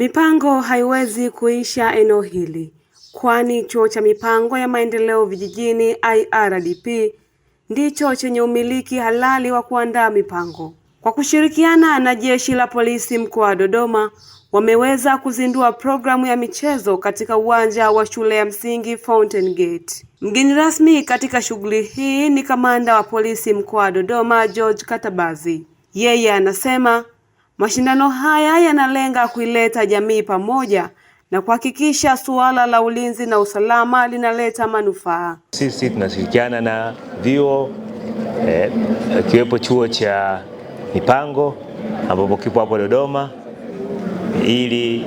Mipango haiwezi kuisha eneo hili kwani Chuo cha Mipango ya Maendeleo Vijijini IRDP ndicho chenye umiliki halali wa kuandaa mipango. Kwa kushirikiana na Jeshi la Polisi mkoa wa Dodoma wameweza kuzindua programu ya michezo katika uwanja wa shule ya msingi Fountain Gate. Mgeni rasmi katika shughuli hii ni Kamanda wa Polisi mkoa wa Dodoma George Katabazi. Yeye anasema Mashindano haya yanalenga kuileta jamii pamoja na kuhakikisha suala la ulinzi na usalama linaleta manufaa. Sisi tunashirikiana na vyuo ikiwepo eh, chuo cha mipango ambapo kipo hapo Dodoma ili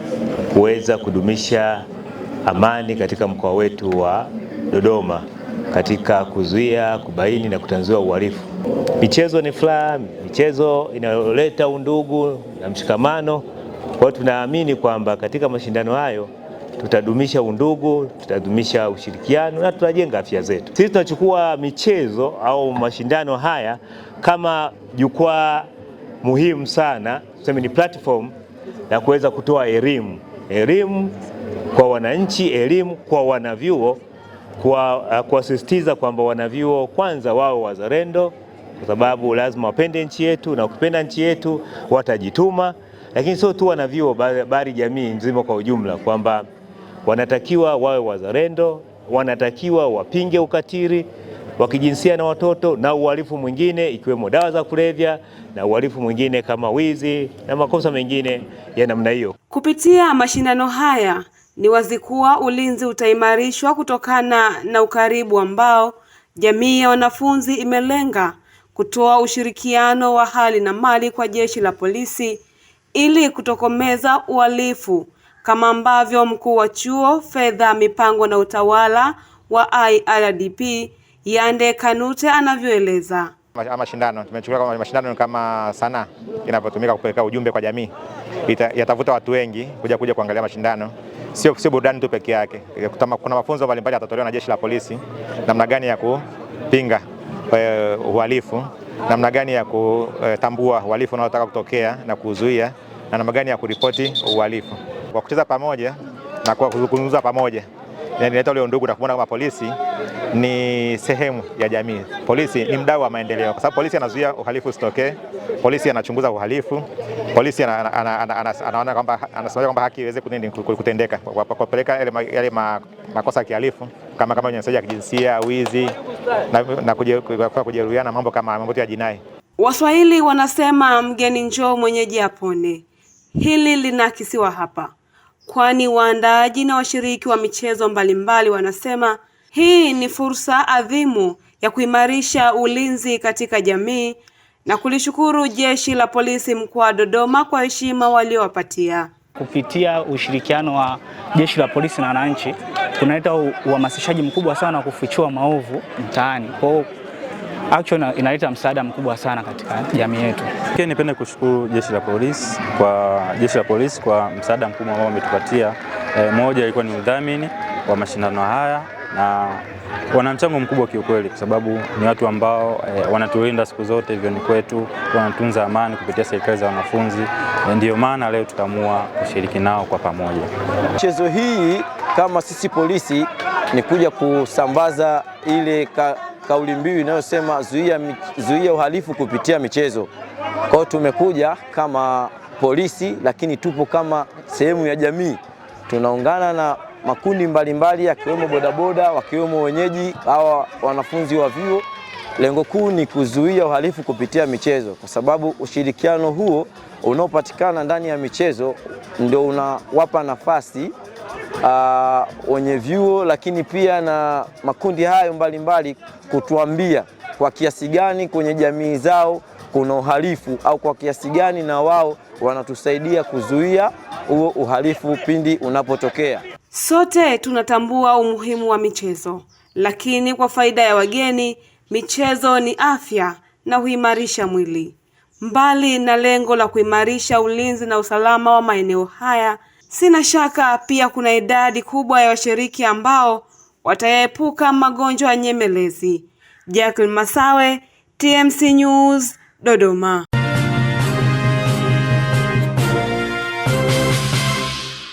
kuweza kudumisha amani katika mkoa wetu wa Dodoma katika kuzuia, kubaini na kutanzua uhalifu. Michezo ni furaha, michezo inayoleta undugu na mshikamano. Kwa hiyo tunaamini kwamba katika mashindano hayo tutadumisha undugu, tutadumisha ushirikiano na tutajenga afya zetu. Sisi tunachukua michezo au mashindano haya kama jukwaa muhimu sana, tuseme ni platform ya kuweza kutoa elimu, elimu kwa wananchi, elimu kwa wanavyuo, uh, kuwasisitiza kwa kwamba wanavyuo kwanza wao wazalendo kwa sababu lazima wapende nchi yetu, na ukipenda nchi yetu watajituma. Lakini sio tu wanavyuo vyuo, bali jamii nzima kwa ujumla, kwamba wanatakiwa wawe wazalendo, wanatakiwa wapinge ukatili wa kijinsia na watoto na uhalifu mwingine ikiwemo dawa za kulevya na uhalifu mwingine kama wizi na makosa mengine ya namna hiyo. Kupitia mashindano haya, ni wazi kuwa ulinzi utaimarishwa kutokana na ukaribu ambao jamii ya wanafunzi imelenga kutoa ushirikiano wa hali na mali kwa jeshi la polisi ili kutokomeza uhalifu kama ambavyo mkuu wa chuo fedha, mipango na utawala wa IRDP Yande Kanute anavyoeleza. Mashindano tumechukulia kama mashindano ni kama sanaa inapotumika kupeleka ujumbe kwa jamii, yatavuta watu wengi kuja kuja kuangalia mashindano, sio sio burudani tu peke yake. Kuna mafunzo mbalimbali yatatolewa na jeshi la polisi, namna gani ya kupinga uhalifu, namna gani ya kutambua uhalifu unaotaka kutokea na kuzuia, na namna gani ya kuripoti uhalifu. Kwa kucheza pamoja na kwa kuzungumza pamoja inaleta ule undugu na kuona kama polisi ni sehemu ya jamii. Polisi ni mdau wa maendeleo, kwa sababu polisi anazuia uhalifu usitokee, polisi anachunguza uhalifu, polisi anaona kwamba anasema kwamba haki iweze kutendeka kwa kupeleka yale makosa ya kihalifu kama kama unyanyasaji wa kijinsia, wizi na, na kujeruhiana, mambo kama mambo ya jinai. Waswahili wanasema mgeni njoo mwenyeji apone. Hili linaakisiwa hapa, kwani waandaaji na washiriki wa michezo mbalimbali wanasema hii ni fursa adhimu ya kuimarisha ulinzi katika jamii na kulishukuru Jeshi la Polisi mkoa wa Dodoma kwa heshima waliowapatia. Kupitia ushirikiano wa jeshi la polisi na wananchi kunaleta uhamasishaji mkubwa sana wa kufichua maovu mtaani. Kwa hiyo inaleta msaada mkubwa sana katika jamii yetu. Pia nipende kushukuru jeshi la polisi kwa jeshi la polisi kwa msaada mkubwa ambao wametupatia. E, moja ilikuwa ni udhamini wa mashindano haya na wana mchango mkubwa kiukweli, kwa sababu ni watu ambao e, wanatulinda siku zote ni kwetu, wanatunza amani kupitia serikali za wanafunzi. Eh, Ndiyo maana leo tutaamua kushiriki nao kwa pamoja. Mchezo hii kama sisi polisi ni kuja kusambaza ile ka, kauli mbiu inayosema zuia, zuia uhalifu kupitia michezo. Kwa hiyo tumekuja kama polisi, lakini tupo kama sehemu ya jamii, tunaungana na makundi mbalimbali yakiwemo bodaboda, wakiwemo wenyeji hawa wanafunzi wa vyuo. Lengo kuu ni kuzuia uhalifu kupitia michezo, kwa sababu ushirikiano huo unaopatikana ndani ya michezo ndio unawapa nafasi ah, wenye vyuo, lakini pia na makundi hayo mbalimbali kutuambia kwa kiasi gani kwenye jamii zao kuna uhalifu au kwa kiasi gani na wao wanatusaidia kuzuia huo uhalifu pindi unapotokea. Sote tunatambua umuhimu wa michezo, lakini kwa faida ya wageni, michezo ni afya na huimarisha mwili. Mbali na lengo la kuimarisha ulinzi na usalama wa maeneo haya, sina shaka pia kuna idadi kubwa ya washiriki ambao watayaepuka magonjwa ya nyemelezi. Jacqueline Masawe, TMC News, Dodoma.